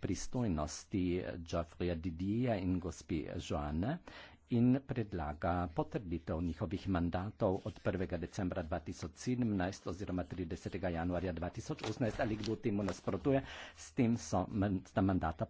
pristojnosti Geoffreya Didija in gospe Joanne in predlaga potrditev njihovih mandatov od 1. decembra 2017 oziroma 30. januarja 2018. Ali kdo temu nasprotuje, s tem so, sta mandata